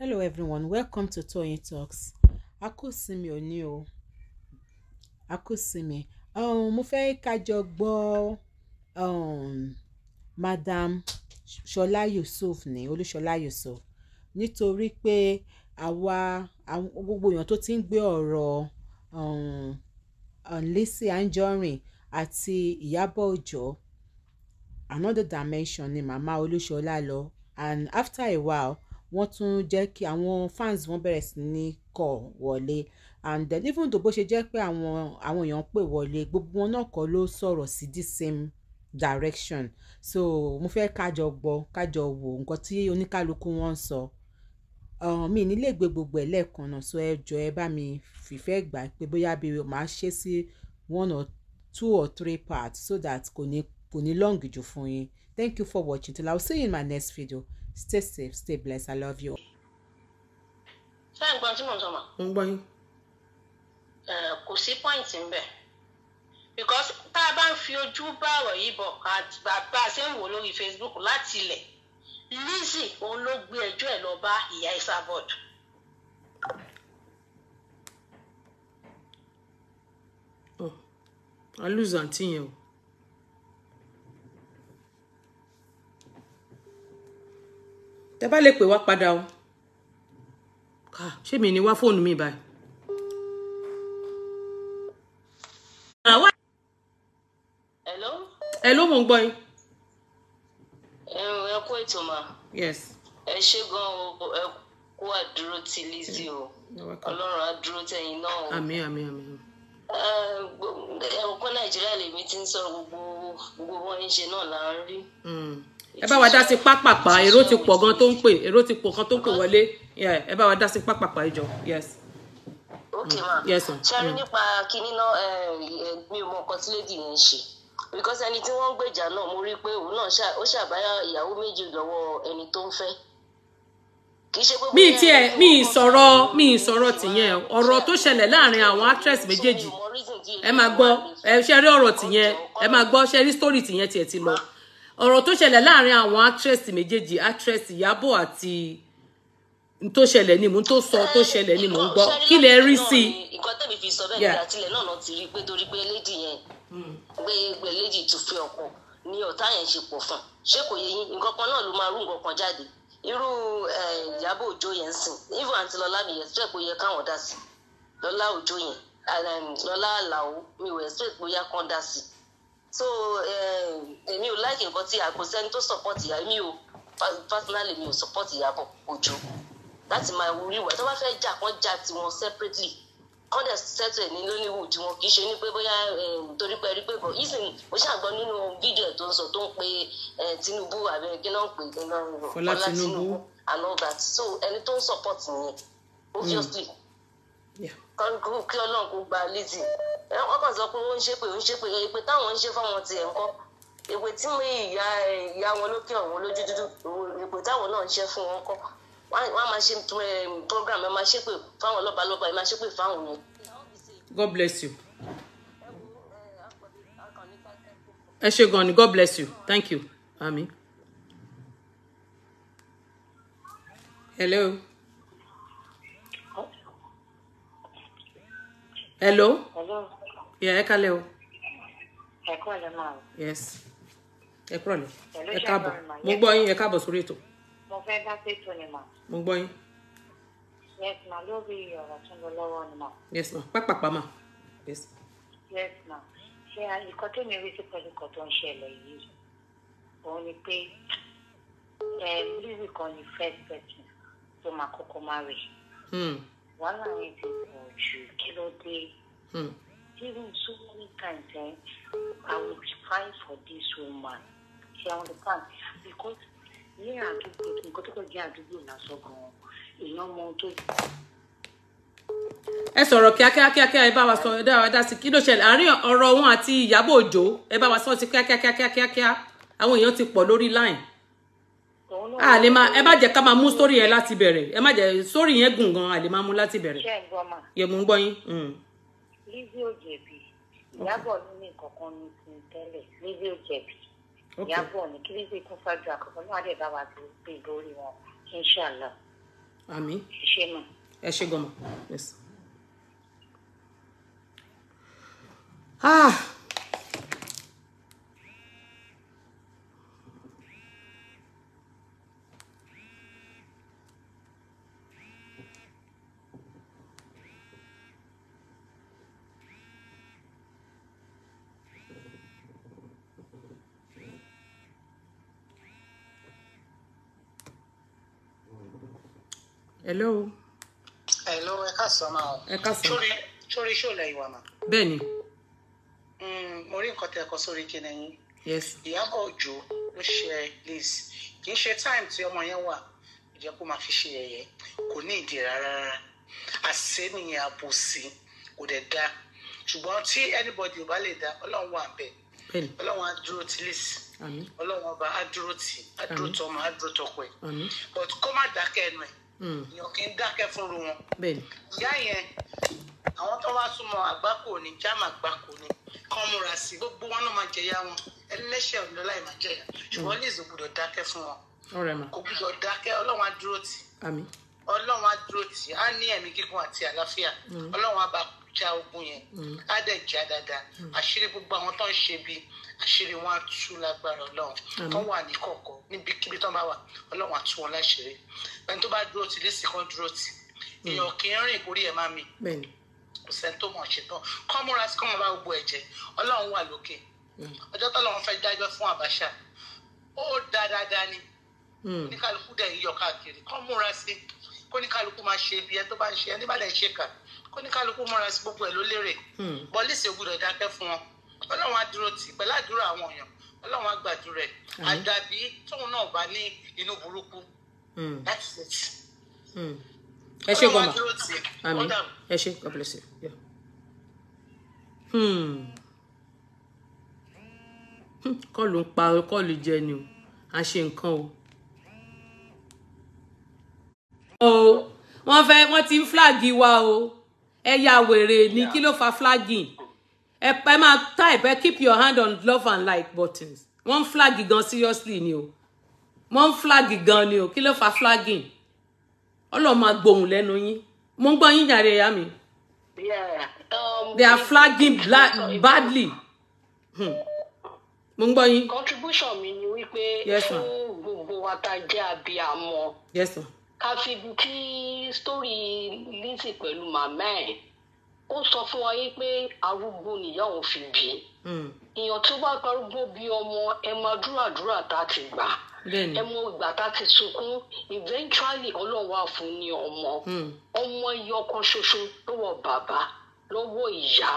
hello everyone welcome to Toyeen Talks a oni o a um, mo fẹ́ ká jọ um, madam Ṣọlá Yusuf ní Olúṣọlá Yusuf nítorí pé àwa gbogbo èèyàn tó ti ń gbé ọ̀rọ̀ um, Lizzy Anjorin àti Ìyábọ̀ Òjó another dimension ni màmá Olúṣọlá lọ and after a while wọ́n tún jẹ́ kí àwọn fans wọn bẹ̀rẹ̀ sí ní kọ̀ wọlé and then even though bó ṣe jẹ́ pé àwọn àwọn èèyàn pè wọlé gbogbo wọn náà kọ́ ló sọ̀rọ̀ sí the same direction so mo fẹ́ kájọ gbọ́ kájọ wò nǹkan tí oníkálukú wọn ń sọ mi nílé gbé gbogbo ẹ̀ lẹ́ẹ̀kan náà so ẹ jọ ẹ bá mi fìfẹ́ gbà pé bóyá bí màá ṣe sí one or two or three parts so that kò ní kò ní long jù fún yín thank you for watching till i will see you in my next video stay safe stay blessed i love you. ṣé ẹ̀ ń gbọ́n tí mò ń sọ ń gbọ́ yín. kò sí pọ́ìntì ń bẹ̀ because tá a bá ń fi ojú bá ọ̀rọ̀ yìí bọ̀ bá a ṣe ń wò lórí Facebook láti ilẹ̀ Lizzie òun ló gbé ẹjọ́ ẹ̀ lọ bá ìyá Esabod. ọ alùzàntì yẹn o. tẹ bá lè pè wá padà o ká ṣé mi ní wá fóònù mi báyìí. hello. hello mo ń gbọ́ yín. ẹ kú ètò mà. yes. ẹ ṣe gan-an ẹ kú àdúró ti Lizzy o ọlọ́run á dúró tẹ̀yìn náà o. àmín àmín àmín. ẹ̀rọ kan nàìjíríà lèmi ti ń sọ gbogbo gbogbo wọn ń ṣe náà là ń rí. Hmm ẹ bá wa dá sí pápápá èrò ti pọ̀ gan tó ń pè èrò ti pọ̀ kan tó ń pè wọlé ẹ bá wa dá sí pápápá ìjọ yes. ok mm. ma ṣẹ́rí mm. nípa kínní náà eh, mi ò mọ nǹkan tí lady yẹn ń ṣe because ẹni tí wọ́n ń gbèjà náà mo rí i pé òun náà ó ṣàbáyọ ìyàwó méjì lọ́wọ́ ẹni tó ń fẹ́ mi ti mi sọ̀rọ̀ mi sọ̀rọ̀ tìyẹn ọ̀rọ̀ tó ṣẹlẹ̀ láàrin àwọn actress méjèèjì ẹ máa gbọ́ ẹ ṣe ọ̀rọ̀ tìyẹn ẹ máa gbọ́ ṣe story tìyẹn tiẹ̀ ti lọ ọ̀rọ̀ tó ṣẹlẹ̀ láàrin àwọn actress méjèèjì actress Ìyábọ̀ àti tó ṣẹlẹ̀ ni mò ń tó sọ tó ṣẹlẹ̀ ni mò ń gbọ́ kí lẹ rí sí i. ìkọ́ tẹ̀mí fi sọ bẹ́ẹ̀ ni àtìlẹ̀ náà náà ti rí pé torí pé lady yẹn hmm. pé pé tún fi ọkọ ni ọ̀tá yẹn ṣe pọ̀ fún ṣé kò yẹ yín nǹkan kan náà ló máa rú nǹkan kan jáde irú Ìyábọ̀ Òjó yẹn sìn even àǹtí lọ́lá mi yẹn tó yẹ káwọn dá sí lọ́lá Òjó yẹn um, lọ́lá àlàó mi wẹ̀ tó ẹ̀ yẹ kán dá sí so eh, èmi ò láìkè nǹkan tí àkó sẹ́ni tó support ìyá mi ò personally mi ò support Ìyábọ̀ Òjó láti máa wúrí ìwà tó bá fẹ́ jà kán jà tiwọn separately kán dẹ̀ settle ní lóníwù tí wọn kì í ṣe ní pé bóyá eh, torí pé rí pé bọ̀ ìsìn mo ṣàgbọ́ nínú fídíò ẹ̀ tó ń sọ tó ń pe eh, Tinubu àbẹ kí náà ń pè é náà Fọlá Tinubu and all that so ẹni tó ń support nìyẹn obviously mm. kí Ọlọ́run kó gba Lizzy wọn kàn sọ pé ó ń ṣe pé ó ń ṣe pé èpè táwọn ń ṣe fáwọn tiẹ̀ ńkọ́ èpè tí mo ìyá ìyá wọn lókè ọ̀hún lójú dúdú èpè táwọn náà ń ṣe fún wọn kọ́ wọn máa ṣe program ẹ máa ṣe pé fáwọn lọ́ba lọ́ba ẹ máa ṣe pé fáwọn yẹn. God bless you. ẹ ṣe gan ni God bless you thank you àmín. hello. hello. hello ìyá ẹ kalẹ o. ẹ kúrò lẹ yes ẹ kúrò lẹ ẹ káàbọ̀ mo gbọ́ yín ẹ káàbọ̀ sórí ètò. mo fẹ́ dá sí ètò ni mà. mo gbọ́ yín. yes ma lórí ọ̀rọ̀ tó ń lọ lọ́wọ́ ni mà. yes ma pápápá mà. yes. yes ma ṣe ikọ̀ tó ní rí sí pẹ̀lú ikọ̀ tó ń ṣẹlẹ̀ yìí o ni pé lílì kan ni first person tó máa kọ́kọ́ máa rè. wàhálà yẹn ti pọ̀ jù kí ló dé given so many times, eh, I will be for this woman. She understand? Because ní àdúgbò nǹkan tó kọ jẹ́ àdúgbò lásán gan-an èèyàn mọ ohun tó. ẹ sọ̀rọ̀ kíákíá kíákíá ẹ bá wa sọ ẹ dá wa dá sí kí ló ṣẹlẹ̀ àárín ọ̀rọ̀ wọn àti Ìyábọ̀ Òjó ẹ bá wa sọ sí kíákíá kíákíá kíákíá àwọn èèyàn ti pọ̀ lórí line. a lè máa ẹ má jẹ́ ká máa mú sórí yẹn láti bẹ̀rẹ̀ ẹ má jẹ́ sórí yẹn gùn gan a lè máa mú láti bẹ̀rẹ̀. ṣé ẹ gbọ́ mà. yẹ mú gbọ́ yín. Mm. Lizzie Ojebi, jẹ̀bi Ìyábọ̀ ní ní kankan ní ti tẹ́lẹ̀ Lizzie ò jẹ̀bi Ìyábọ̀ ní kí Lizzie kún ṣáájú àkọ́kọ́ náà dẹ̀ bá wa gbé lórí wọn inshallah. àmín ṣe mọ. ẹ ṣe gan ah. hello. hello ẹ káàsán máa o. ẹ káàsán. sórí sórí ṣó lẹ ìwà mà. bẹ́ẹ̀ni. Mm, mo rí nǹkan tẹ́ ẹ kọ sórí kíni yín. yes. Ìyábọ̀ Òjó ló ṣe Liz kì í ṣe time tí ọmọ yẹn wà ìjẹ́ kó máa fi ṣe yẹ̀yẹ́ kò ní ìdí rárá àṣẹ nìyẹn àbòsí kò dẹ̀ da ṣùgbọ́n tí anybody ò bá lè da ọlọ́run wà bẹ́ẹ̀ ọlọ́run á dúró ti Liz ọlọ́run ọba á dúró ti á dúró tọmọ á dúró tọkọ ẹ̀ but kó má dákẹ́ ẹnu ẹ̀ Hmm. èèyàn kì í dákẹ́ fúnru wọn. ìyá yẹn àwọn tó wá súnmọ́ àgbákò ni jáàmù àgbákò ni kán múra sí gbogbo wọn náà máa jẹyà wọn ẹlẹ́ṣẹ̀ ọ̀dọ́lá ìmọ̀ jẹyà hmm. ṣùgbọ́n Lizzy gbọ́dọ̀ dákẹ́ fún wọn kò gbọ́dọ̀ dákẹ́ ọlọ́run á dúró tì ọlọ́run á dúró tì á ní ẹ̀mí gígùn àti àlàáfíà hmm. ọlọ́run á bá já ogun yẹn a mm. dẹ̀ já dáadáa mm. àṣírí gbogbo àwọn tó ń ṣe bí àṣírí wọn á tú lágbára ọlọ́run tó wà ní kọ̀ọ̀kọ̀ níbikíbi tó bá wà ọlọ́run á tú wọn láṣìírí ẹni tó bá dúró tì lẹ́sìn kan dúró tì mm. èèyàn kì í rìn kórí ẹ̀ má mi kò sẹ́ni tó mọ̀ ṣe tán kọ́múra sí kọ́mọba gbogbo ẹ̀jẹ̀ ọlọ́run wà lókè ọjọ́ tọ́lọ́run fẹ́ dájọ́ fún àbáṣà ó da dáadáa ni oníkálukú dẹ̀ yíyọ káàkiri kọ́múra sí kóníkálukú máa ṣe ibi ẹ tó bá ń ṣe ẹ níbàdàn ṣe kà kó ní kálukú múra sí gbogbo ẹ̀ ló lérè hmm. bọ́lísì ògbúdọ̀ dákẹ́ fún wọn ọlọ́run á dúró tì pẹ̀lú àdúrà àwọn èèyàn ọlọ́run á gbàdúrà ẹ̀ àdàbí tóun náà bá ní inú burúkú hmm. that's it. Hmm. ẹ ṣe gbọmọ àmín ẹ ṣe god bless you. Yeah. Hmm. kọlù ń pa kọlù jẹ ni o a ṣe nǹkan o. o wọ́n fẹ́ wọ́n ti ń flag wa o ẹ ya wèrè ní kí ló fa flagging ẹ ẹ máa type ẹ keep your hand on love and like buttons wọ́n ń flag gan seriously ni o wọ́n ń flag gan ni o kí ló fa flagging ọlọ́run máa gbóhùn lẹ́nu yín mo ń gbọ́ yín yàrá ẹ̀yà mi. Um, they are flagging badly. Hmm mo ń gbọ́ yín. contribution mi ni wípé fún gbogbo wa tá jẹ́ abiyamọ. yes sir ká fi kí sítórì Lizzy pẹ̀lú màmá ẹ̀ ó sọ fún wa yìí pé arúgbó nìyá òun fi bí hmm. èèyàn tó bá parúgbó bí ọmọ ẹ máa dúràdúrà tá a ti gbà ẹ mọ ìgbà tá a ti sunkún eventually ọlọ́wọ́ àfún ni ọmọ hmm. ọmọ iye ọkàn ṣoṣo lọ́wọ́ bàbá lọ́wọ́ ìyá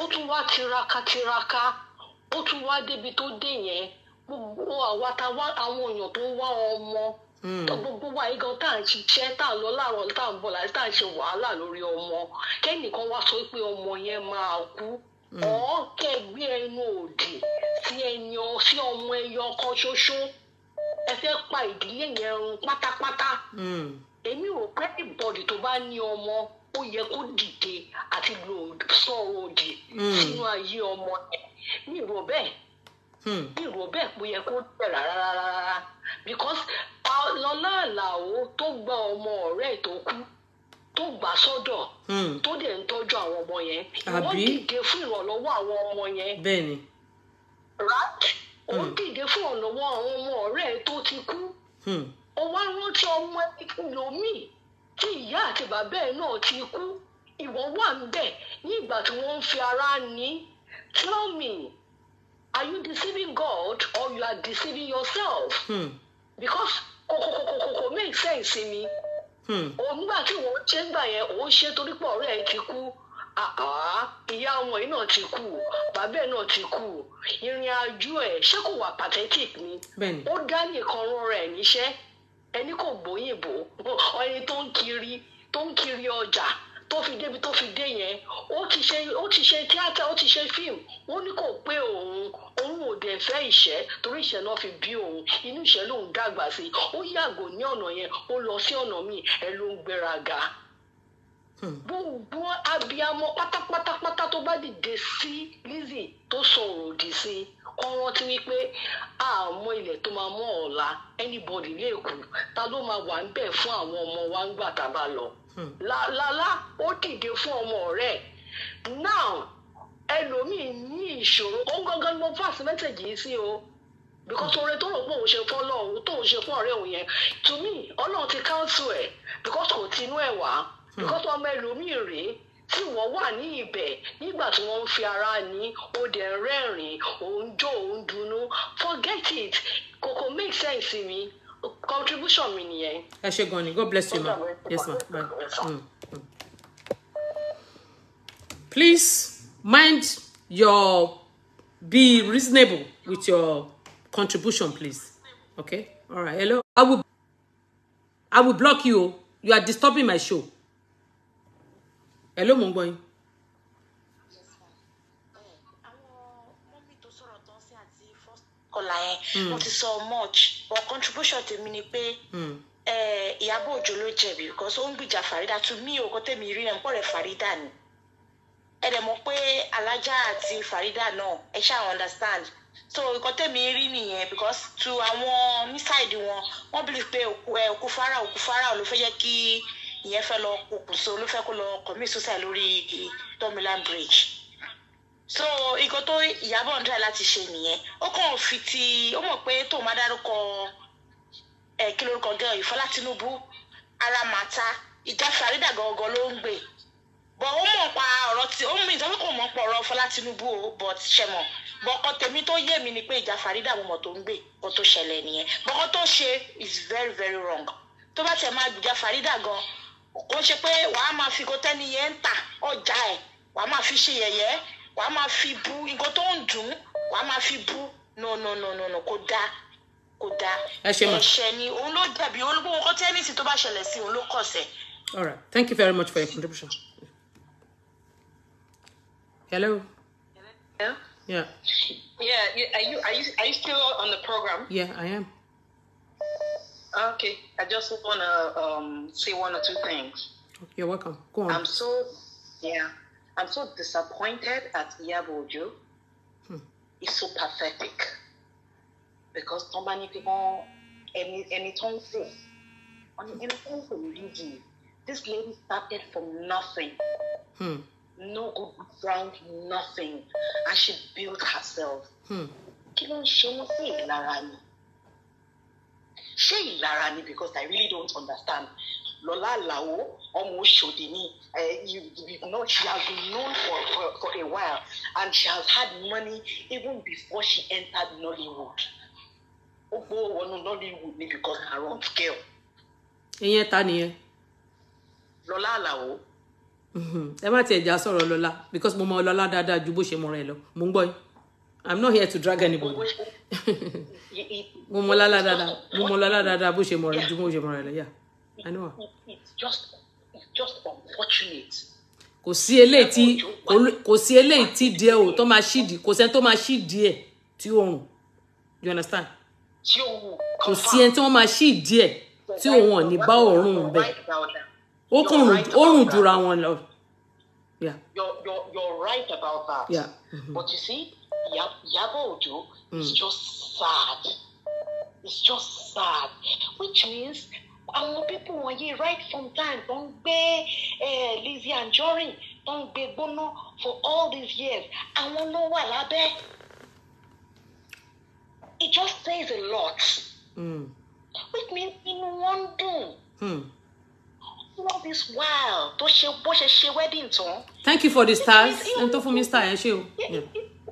ó tún wá tiraka tiraka ó tún wá débi tó dé yẹn gbogbo àwa èèyàn tó ń wá ọmọ Mm. tó gbogbo wa yìí gan tá à ń ṣiṣẹ́ tá à lọ láàárọ̀ tá à ń bọ̀ láti tá à ń ṣe wàhálà lórí ọmọ kẹ́nìkan wá sọ pé ọmọ yẹn máa kú mm. ọ̀ọ́kẹ́ gbé ẹnu òdì sí ẹyàn sí ọmọ ẹyọ kan ṣoṣo ẹ fẹ́ pa ìdílé yẹn run pátápátá mm. èmi rò pé ìbọ̀dì tó bá ní ọmọ ó yẹ kó dìde àti sọ̀rọ̀ òdì sínú ayé ọmọ yẹn mi rò bẹ́ẹ̀ bí hmm. ìrò bẹ́ẹ̀ kò yẹ kó tẹ̀ rárá rárá because uh, lọ́lá àlàó tó gba ọmọ ọ̀rẹ́ tó kú tó gbà sọ́dọ̀ hmm. tó dẹ̀ ń tọ́jú àwọn ọmọ yẹn wọ́n dìde fún ìrànlọ́wọ́ àwọn ọmọ yẹn bẹ́ẹ̀ni right ó hmm. dìde fún ìrànlọ́wọ́ àwọn ọmọ ọ̀rẹ́ tó ti kú ó wá rántí ọmọ ẹlòmíì tí ìyá àti bàbá ẹ̀ náà ti kú ìwọ wà ń bẹ̀ ní ìgbà tí wọ́n ń fi ara ní tell me are you deceiving God or you are deceiving yourself? Hmm. because kòkòkòkòkò make sense ni. òun nígbà tí wọ́n ṣe ń gbà yẹn òun ṣe torí pé ọ̀rẹ́ ẹ ti kú ìyá ọmọ yìí náà ti kú bàbá ẹ náà ti kú ìrìn àjò ẹ ṣé kò wà pathetic ni ó dá nìkan rọra ẹ níṣẹ́ ẹni kò gbóyìnbó ẹni tó ń kiri tó ń kiri ọjà tó fi débi tó fi dé yẹn ó ti ṣe ó ti ṣe tíátà ó ti ṣe fíìmù ó ní kò pé òun òun ò dẹ̀ fẹ́ ìṣẹ́ torí ìṣẹ́ náà fi bí òun inú ìṣẹ́ lòun dàgbà sí ó yàgò ní ọ̀nà yẹn ó lọ sí ọ̀nà míì ẹ ló ń gbéraga hmm. gbogbo abiyamọ pátápátápátá tó bá dìde sí Lizzy tó sọ̀rọ̀ òdì sí kọ́ rántí wípé àmọ́ ilẹ̀ tó máa mọ́ ọ̀la anybody lè kú ta ló máa wà ń bẹ̀ fún àwọn ọmọ wa ń gbà tá a bá lọ lálálá ó dìde fún ọmọ rẹ̀ now ẹlòmíì ní ìṣòro ó ń gángan ní mo pass message yìí sí o because oore tó rò pé òun ṣe fún ọlọ́run tó òun ṣe fún ọ̀rẹ́ òun yẹn to me ọlọ́run ti counsel ẹ̀ because kò tinú ẹ̀ wá hmm. because ọmọ ẹlòmíì rèé tí wọ́n wà ní ibẹ̀ nígbà tí wọ́n ń fi ara ní ó dẹ̀ ń rẹ́rìn-ín òun jó òun dunnú forget it kò kò make sense mi contribution mi nìyẹn. ẹ ṣe gan ni god bless you ma yes ma bye. Mm. please mind your be reasonable with your contribution please okay all right hello i will i will block you oh. you are disturbing my show hello mo ọ̀la yẹn hmm. mo ti sọ much but contribution tèmi ni pé hmm. eh, Ìyábọ̀ Òjó ló jẹ̀bi because ó ń gbìjà Farida to me òkò tèmi rí ẹ̀ ń pọ̀ rẹ̀ Farida ni ẹ dẹ̀ mọ̀ pé alájà àti Farida náà ẹ ṣáà understand so nǹkan tẹ̀mí rí nìyẹn because to àwọn ní side wọn wọ́n believe pé òkú ẹ eh, òkú Fara òkú Fara ló fẹ́ yẹ kí ìyẹn fẹ́ lọ pokùnso ló fẹ́ kó lọ commit suicide lórí Tomiland Bridge so nǹkan tó Ìyábọ̀ ń dá láti ṣe nìyẹn ó kàn fi ti ó mọ̀ pé tóun bá dárúkọ ẹ̀ kí lórúkọ gẹ́ Ìfọlá Tinubu ara ìjà Farida gangan ló ń gbè bọ̀ ó mọ̀ pa ọ̀rọ̀ tí ó mú ìjọba kò mọ̀ pa ọ̀rọ̀ Fọlá Tinubu o but ṣẹmọ̀ bọ̀kọ tèmi tó yé mi ni pé ìjà Farida mo mọ̀ tó ń gbè kó tó ṣẹlẹ̀ nìyẹn bọ̀kọ tó ṣe is very very wrong tó bá tẹ̀ máa gbìjà Farida gan kó ṣe pé wàá máa fi kó tẹ́ni yẹn ń ta ọjà ẹ̀ wàá máa fi ṣe yẹ̀yẹ́ wàá máa fi bú nǹkan tó no no no no no kò dáa kò dáa ló dàbí òun ló gbọ́ nǹkan tẹ́nìsì tó bá ṣẹlẹ̀ sí òun ló kọ̀ all right thank you very much for your contribution. hello. hello? yeah. yeah are you are you are you still on the program. yeah I am. Ah, okay, I just want to um, say one or two things. You're welcome. Go on. I'm so, yeah. I'm so disappointed at Iyabojo. Hmm. It's so pathetic because so many people, any wọ́n ẹni any tó ń sè this lady started from nothing hmm. no good ground nothing and she built herself hmm. kí ló ń ṣe wọ́n sí ìlara because I really don't understand Lọlá Àlàó ọmọ Oṣòdì ni you know she has been known for, for for a while and she has had money even before she entered Nollywood ó gbó wọnú Nollywood ni because her own scale. ìyẹn ta nìyẹn. Lọlá Àlàó. ẹ má tiẹ̀ já sọ̀rọ̀ Lọlá because mo mọ Lọlá dáadáa ju bó ṣe mọ̀ra ẹ̀ lọ mo ń gbọ́ yín i'm not here to drag anybody mo mọ Lọlá dáadáa mo mọ Lọlá dáadáa bó ṣe mọ̀ra ju bó ṣe mọ̀ra ẹ̀ lọ I know. it's just it's just unfortunate. Kò sí eléyìí tí kò sí eléyìí tí díẹ̀ o tó máa ṣídìí kò sẹ́ni tó máa ṣídìí ẹ̀ tí òun you understand? Tí òun kò sí ẹni tí wọ́n máa ṣídìí ẹ̀ tí òun ò ní bá òórùn bẹ̀ ó kùn òórùn jura wọn lọ. Yeah. You're, you're, you're right about that. Yeah. Mm-hmm. Mm-hmm. But you see, Yabo Ojo mm. is just sad. It's just sad, which means àwọn pípù wọ̀nyí right from time tó ń gbé Lizzie Anjorin tó ń gbé gbóná for all these years àwọn ló wà lábẹ́ it just says a lot. Hmm. which means inú wọn ń dùn. Hmm. all this while tó ṣe bó ṣe ṣe wedding tán. thank you for the stars ẹni tó fún mi star ẹ ṣe o.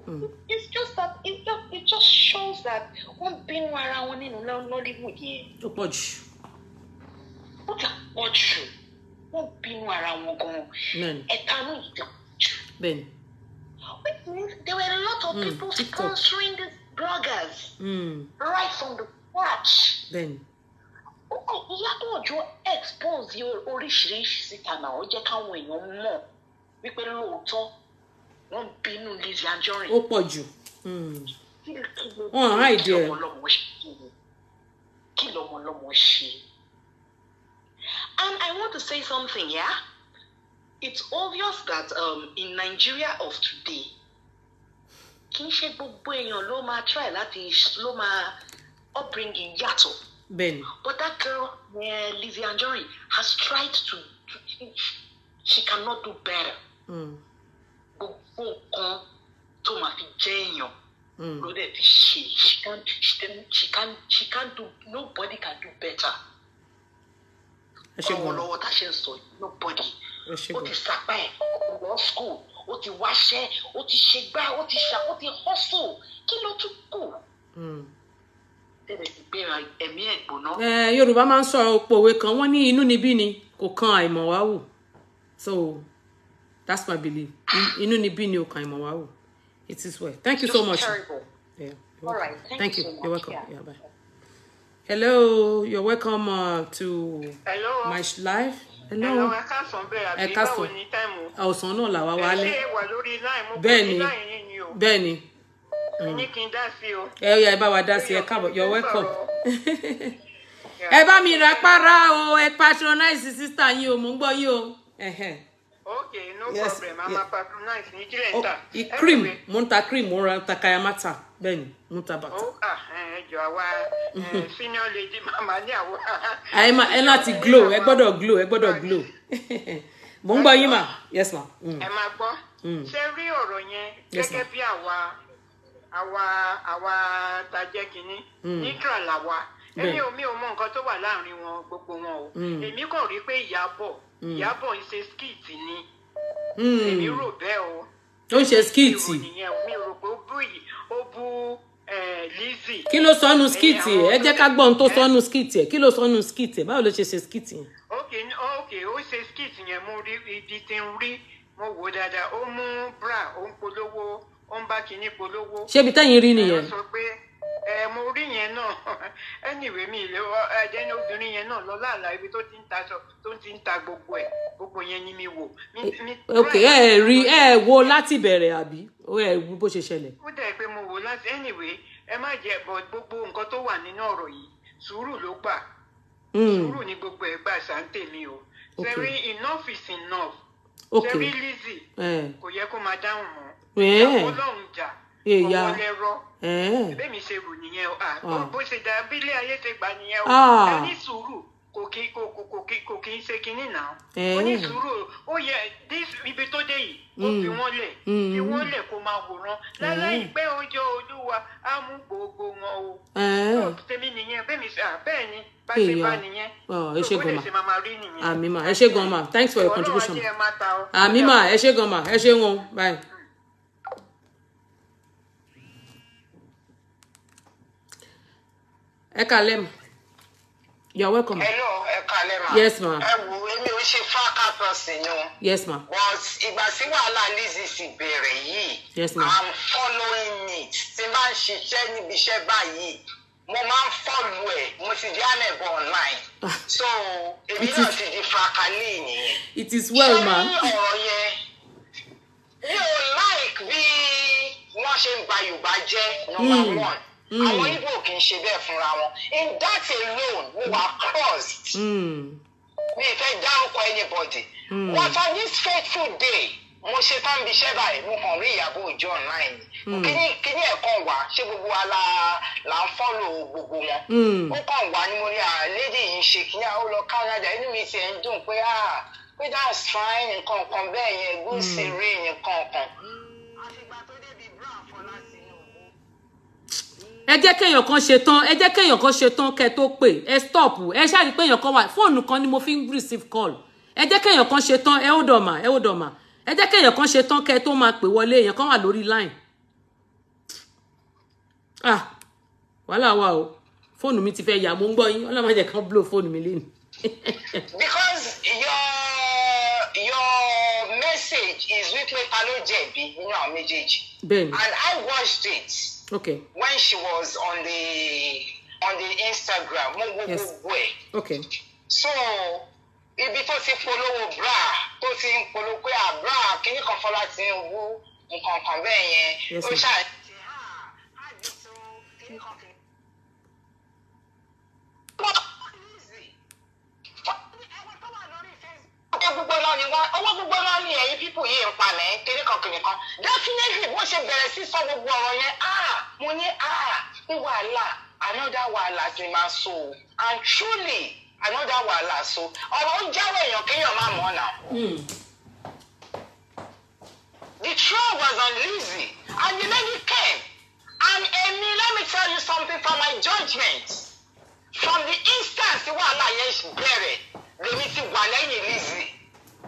Hmm. it's just that it just, it just shows that wọ́n bínú ara wọn nínú lọ́dún yìí. ó pọ̀ jù ó ti pọ̀ jù wọ́n bínú ara wọn gan-an ẹ̀tanú yìí ti there were a lot of hmm, people mm, sponsoring these bloggers mm. right from the watch. ó kàn ìyá ọjọ́ expose oríṣiríṣi síta náà ó jẹ́ káwọn èèyàn mọ̀ wípé lóòótọ́ wọ́n bínú Lizzy Anjorin. ó pọ̀ jù hmm. wọn àìdí ẹ̀. kí lọmọlọmọ ṣe And I want to say something, yeah? It's obvious that um, in Nigeria of today, kì í ṣe gbogbo èèyàn ló máa try láti ló máa upbringing yàtọ̀. Bẹ́ẹ̀ni. But that girl, uh, Lizzie Anjori, has tried to, to she cannot do better. Hmm. Gbogbo nǹkan tó máa fi jẹ́ èèyàn. Hmm. Ló dẹ̀ ti ṣe, she can't, she can't, she can't do, nobody can do better báwo lọ́wọ́ tá a ṣe ń sọ nobody ó ti sapá ẹ̀ lọ school ó ti wáṣẹ́ ó ti ṣe gbá ó ti ṣà ó ti hustle kí ló tún kù. Hmm. tẹ̀lé ìgbéra ẹ̀mí ẹ̀gbọ́n náà. Yorùbá máa ń sọ òpòwe kan wọ́n ní inú níbí ni kò kan àìmọ̀ wá wù so that's my belief inú níbí ni ò kan àìmọ̀ wá wù it is well thank you so much. Yeah. All right. Thank, Thank you. you. So much. You're welcome. Yeah. yeah bye hello you're welcome uh, to hello. my live. hello hello ẹ káàsán bẹ́ẹ̀ àbí báwo ni táìmù. ọ̀sán náà làwa wálé. ẹ ṣe wà lórí láìmú kò ní láìní ni o. bẹ́ẹ̀ ni. Mm. ní kí dá sí o. ẹ yà ẹ bá wa dá sí ẹ káàbọ̀ you're welcome. ẹ bá mi rà pàrà o ẹ patronize sister yín o mò ń gbọ́ yín o okay no yes, problem i'm yeah. a patronize nigeria oh, ta. i cream mo ń cream mo ń ra ta kayamata bẹ́ẹ̀ ni mo ń ta bàtà. ó kà ẹjọ senior lady mama ní àwa. àyè ah, ma ẹ láti glow ẹ gbọ́dọ̀ glow ẹ gbọ́dọ̀ glow mo ń gbọ́ yín mà yes ma. Mm. ẹ máa gbọ́ mm. ṣe rí ọ̀rọ̀ yẹn gẹ́gẹ́ bí àwa àwa àwa ta jẹ́ kínní mm. neutral làwa èmi ò mi ò mọ nǹkan tó wà láàrin wọn gbogbo wọn o èmi kàn rí pé ìyá bọ̀ Mm. Ìyábọ̀ ń ṣe skit ni mm. èmi rò bẹ́ẹ̀ o ó ń ṣe skit ìròyìn mi rò pé ó bú ó bú Lizzy. kí ló sọnù skit ẹ jẹ́ ká gbọ́ ohun tó sọnù skit ẹ kí ló sọnù skit ẹ báwo ló ṣe ṣe skit yẹn. ok ok ó ṣe skit yẹn mo rí ibi tí ń rí mo wò dáadáa ó mú bra ó ń polówó ó ń bá kinní polówó. ṣébi tẹ́yìn rí nìyẹn. ẹ sọ pé ẹ mo rí yẹn náà anyway mi ilé ọ ẹdẹni obìnrin yẹn náà lọ láàlá ibi tó ti ń ta aṣọ tó ti ń ta gbogbo ẹ gbogbo yẹn ni mi wò. ok ẹ rí ẹ wo láti bẹ̀rẹ̀ àbí ẹ rí bó ṣe ṣẹlẹ̀. ó dẹ̀ pé mo wò láti anyway ẹ má jẹ bọ gbogbo nǹkan tó wà nínú ọ̀rọ̀ yìí sùúrù ló gbà hmm. sùúrù ni gbogbo ẹ̀ gbà sáńtè mi o sẹ́rí enough is enough sẹ́rí Lizzy eh. kò yẹ kó máa dáhùn mọ́ eh. ìyàwó jà èèyà eh, eh. bẹ́ẹ̀ mi ṣe rò nìyẹn o ah, ah. bó ṣe dá bílẹ̀ ayé ṣe gbà nìyẹn o ah. ẹ ní sùúrù kò kí kò kò kò kí kò kí ń ṣe kinní náà eh. ó ní sùúrù ó yẹ ibi tó dé yìí ó fi mm. wọ́n lẹ̀ mm. fi wọ́n lẹ̀ kó máa wòran láláì pẹ́ oúnjẹ olúwa á mú gbogbo wọn o tèmi nìyẹn bẹ́ẹ̀ mi ṣe bẹ́ẹ̀ ni bá ṣe bá nìyẹn oh, ẹ ṣé gan ma àmì ma ẹ ṣé gan ma thanks for your contribution àmì ma ẹ ṣé gan ma ẹ ṣé wọn bye. ẹ kalẹ you are welcome. hello Ekalema. yes ma. ẹ wo èmi ò ṣe fáká pọ̀sìn ni. yes ma. but ìgbà sí wàhálà lizzy ti bẹ̀rẹ̀ yìí. yes ma. i'm following it tí máa ń ṣiṣẹ́ níbi iṣẹ́ báyìí mo máa ń fọ́ọ̀lù ẹ̀ mo ti di ànẹ̀bọ̀ online ah. so èmi náà ti di fàkàlì nìyẹn. it is well ma. ṣé ọ̀rọ̀ yẹn mi ò like bí wọ́n ṣe ń ba yorùbá jẹ́ number hmm. one. Hmm. àwọn Igbo kì í ṣe bẹ́ẹ̀ fúnra wọn in that alone we were crossed hmm. mi fẹ́ dárúkọ anybody hmm. but on this fateful day mo ṣe tán bí iṣẹ́ báyìí mo kàn rí Ìyábọ̀ Òjó online kíní kíní ẹ̀kan wá ṣé gbogbo wa la la ń fọ́lò gbogbo wọn ó kàn wá ni mo ní à ah, lédi yìí ṣe kíní àwọn lọ Canada inú mi ti ẹ̀ ń dùn pé ah pé that's fine nǹkan kan bẹ́ẹ̀ yẹn gúúsì rí nǹkan kan. ẹ jẹ́ kéèyàn kan ṣe ẹ jẹ́ kéèyàn kan ṣe tán kẹ́ tó pè ẹ stop ẹ ṣáà pé èèyàn kan wà fóònù kan ni mo fi ń receive call ẹ jẹ́ kéèyàn kan ṣe ẹ ó dọ̀mà ẹ ó dọ̀mà ẹ jẹ́ kéèyàn kan ṣe tán kẹ́ tó máa pè wọlé èèyàn kan wà lórí line ah wàhálà wà o fóònù mi ti fẹ́ yà mo ń gbọ́ yín ọlọ́mọ jẹ́ blow fóònù mi lẹ́nu. because your your message is wípé ta ló jẹ̀bi nínú àwọn méjèèjì. and I watched it okay. when she was on the on the instagram mo wo gbogbo ẹ okay. so ibi tó ti polówó bra tó ti ń polówó pé àbra ah, kínní kan fọlá ti ń wú nǹkan kan bẹ́ẹ̀ yẹn ó ṣáà. What? oúnjẹ gbígbóná ni wá owó gbígbóná ni ẹ̀yin pípù yìí ń palẹ̀ kiri kan kiri kan definitely bó ṣe bẹ̀rẹ̀ sí sọ gbogbo ọ̀rọ̀ yẹn ah mo ní ah ní wàhálà another wàhálà ti máa so and truly another wàhálà so ọ̀rọ̀ ń jáwọ́ èèyàn kéèyàn má mọ̀ náà. Hmm. the throw was on Lizzy and the lady came and emi let me tell you something for my judgement from the instant wàhálà yẹn bẹ̀rẹ̀ lèmi ti wà lẹ́yìn Lizzy.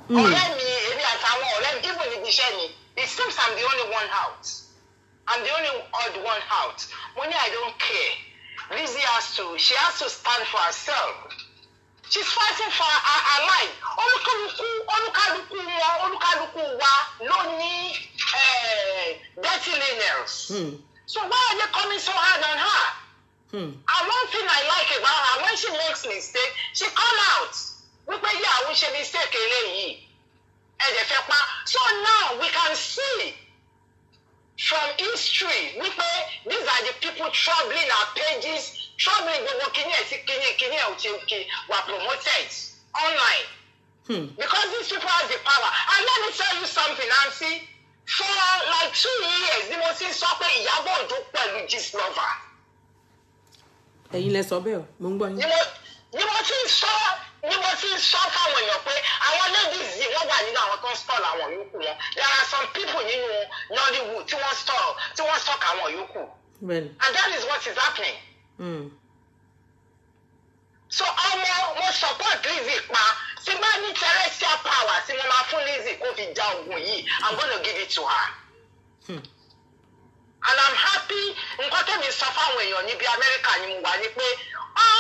Hmm. ọ̀rẹ́ mi èmi àtàwọn ọ̀rẹ́ mi even níbi iṣẹ́ mi it seems i'm the only one out i'm the only odd one out Money, i don't care Lizzie has to she has to stand for herself she's fighting for her, her life olúkálùkù olúkálùkù wọn olúkálùkù wa ló ní eh, dirty linens hmm. so why are they coming so hard on her. Hmm. And one thing I like about her, when she makes mistake, she come out wípé yà àwọn ṣe mistake eléyìí ẹ̀jẹ̀ fẹ́ pa so now we can see from history wípé these are the people troubling our pages troubling gbogbo kíní ẹ̀ sí kíní kíní ẹ̀ ò ti kí were promoted online hmm. because these people have the power and let me tell you something Nancy for like two years ni mo ti sọ pé Ìyábọ̀ Òjó pẹ̀lú Gistlover. ẹ̀yin lẹ sọ bẹ́ẹ̀ o mo ń gbọ́ yín. ni mo ti sọ ni wọ́n fi ń sọ fáwọn èèyàn pé àwọn ladies yìí wọ́n wà nínú àwọn tó ń stall àwọn yòókù wọn there are some people nínú Nollywood tí wọ́n stall tí wọ́n stalk àwọn yòókù and that is what is happening. Mm. so ọmọ mo support Lizzy pa tí bá ní terrestrial power tí mo máa fún Lizzy kó fi ja oògùn yìí I'm gonna give it to her. Hmm and i'm happy nǹkan tẹ̀mí sọ fáwọn èèyàn níbi amẹ́ríkà ni mo wà ní pé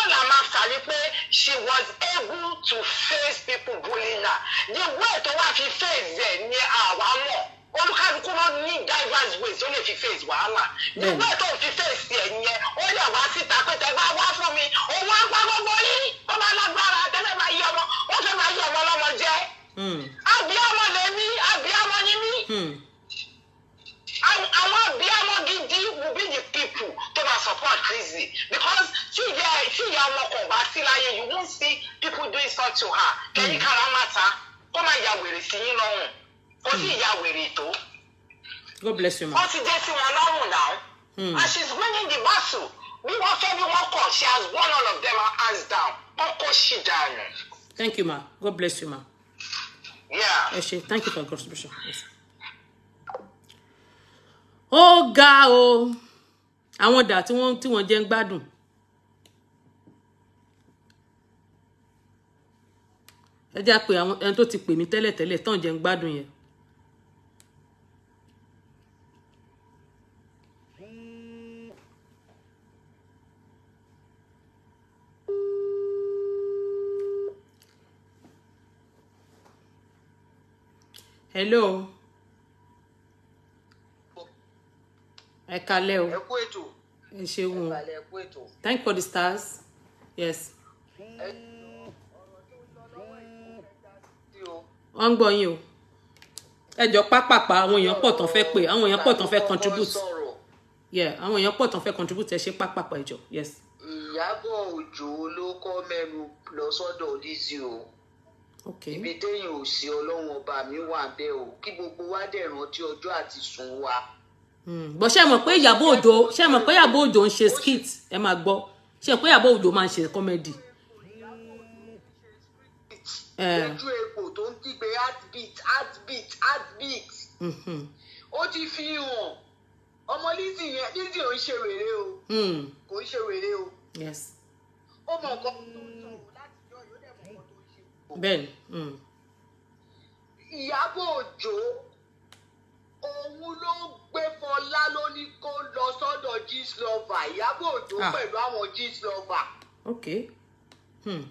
la máa kà ní pé she was able to face people bullying her the way tó wá fi face ẹ̀ ní àwa mọ̀ olúkálukú ló ní diverse ways ó lè fi face wàhálà the hmm. way tó fi face ẹ̀ yẹn ó lè wá síta pé tẹ́ bá wá fún mi òun á gbá gbogbo yín ó máa lágbára tẹ́lẹ̀ máa yí ọmọ ó fẹ́ máa yí ọmọ ọlọ́mọ jẹ́ àbí hmm. ọmọ lèmi àbí ọmọ ni mí hmm. àwọn àbí he will bring the people to my support crazy. because tí ìyá tí ìyá wọn kò bá sí you won't see people doing stuff to her kẹ́yìn hmm. karamata kó máa ya wèrè sí yín lọ́rùn kó sì hmm. ya wèrè tó. God bless you ma. wọ́n ti jẹ́ sí wọn lọ́rùn náà. Hmm. and she is winning the battle bí wọ́n fẹ́ bí wọ́n kọ̀ she has won all of them her hands down wọ́n kó ṣì dànù. thank you ma God bless you ma. yeah. ẹ ṣe thank you for your contribution. Yes ó ga o àwọn dà tí wọ́n tí wọ́n jẹ́ ń gbádùn. ẹ jẹ́ pé àwọn ẹni tó ti pè mí tẹ́lẹ̀tẹ́lẹ̀ tán jẹ́ ń gbádùn yẹn. hello. ẹ kalẹ o ẹ kú ètò ẹ ṣeun thank for the stars yes. wọ́n ń gbọ́ yín o ẹ jọ pápápá àwọn èèyàn pọ̀ tán fẹ́ pé àwọn èèyàn pọ̀ tán fẹ́ contribute yeah àwọn èèyàn pọ̀ tán fẹ́ contribute ẹ ṣe pápápá ẹ jọ yes. Ìyábọ̀ Òjó ló kọ́ lọ sọ́dọ̀ Lizzy o ibi téèyàn ò sí ọlọ́run ọba mi wà bẹ́ẹ̀ o kí gbogbo wa dẹ̀ rántí ọjọ́ àti sùn wa. Okay Hmm. bọ́ ṣe mọ̀ pé Ìyábọ̀ Òjó ṣe mọ̀ pé Ìyábọ̀ Òjó ń ṣe skit ẹ máa gbọ́ ṣe mọ̀ pé Ìyábọ̀ Òjó máa ń ṣe comedy. ojú eh. epo tó ń kígbe heartbeat heartbeat heartbeat hmm. ó ti fi hàn ọmọ Lizzy yẹn Lizzy ò ń ṣe wèrè o hmm. kò ń ṣe wèrè o ó mọ nǹkan tó ń sọ̀rọ̀ láti yọ ìyó dẹ̀ tó ń ṣe. bẹ́ẹ̀ni. Ìyábọ̀ òun ló ń gbé fọlá ló ní kó lọ sọ́dọ̀ gíslọ́và ìyábọ̀ òjò ah. pẹ̀lú àwọn gíslọ́và. ok. Hmm.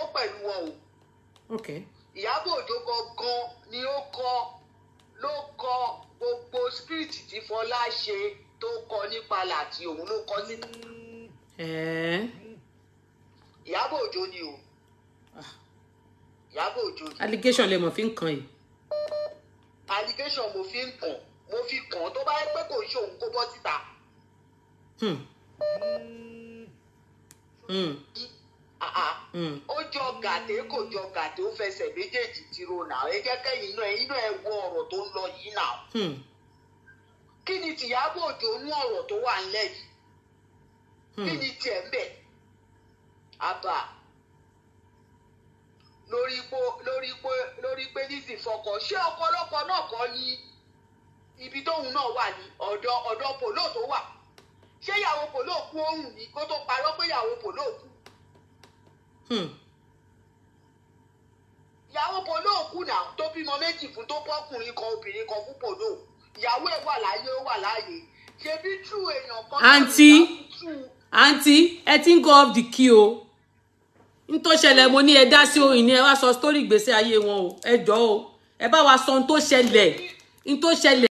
ó pẹ̀lú wọn o. ok. ìyábọ̀ òjò gangan ni ó kọ ló kọ gbogbo script tí fọlá ṣe tó kọ nípa láti òun ló kọ síta. ìyábọ̀ òjò ni o. Ah. ìyábọ̀ òjò ni. allegation lè mọ̀ fi ń kan yìí. allegation mo fi kàn mo fi kàn tó bá yẹ pé kò ṣe òun kó bọ́ síta. Hmm. Hmm. Ah, ah. Hmm. ó jọ gàdé kò jọ gàdé ó fẹsẹ̀ méjèèjì tiro nà ẹ jẹ́ kẹ́yìn inú ẹ inú ẹ wọ ọ̀rọ̀ tó ń lọ yìí nà. kí ni tìyábọ̀ òjò nú ọ̀rọ̀ tó wà ńlẹ̀ yìí kí ni tiẹ̀ ń bẹ̀ àbá. lórí pé lórí pé lórí pé ṣé ọkọ náà kọ́ ni ibi tóun náà wà ní ọ̀dọ̀ ọ̀dọ̀ pòló tó wà ṣé ìyàwó pòló kú òun ni kó tó parọ́ pé ìyàwó pòló kú. Hmm. ìyàwó pòló kú náà tó bímọ méjì fún tó bọ́kùnrin kan obìnrin kan fún pòló ìyàwó ẹ̀ wà láyé ó wà láàyè ṣe bí tú èèyàn kan. àǹtí àǹtí ẹ ti ń go off the queue o n tó ṣẹlẹ̀ mo ní ẹ dá sí òyìn ni ẹ wá sọ sítórì ìgbésí ayé wọn o ẹ jọ o ẹ bá wa sọ n tó ṣẹlẹ̀ n tó ṣẹlẹ̀.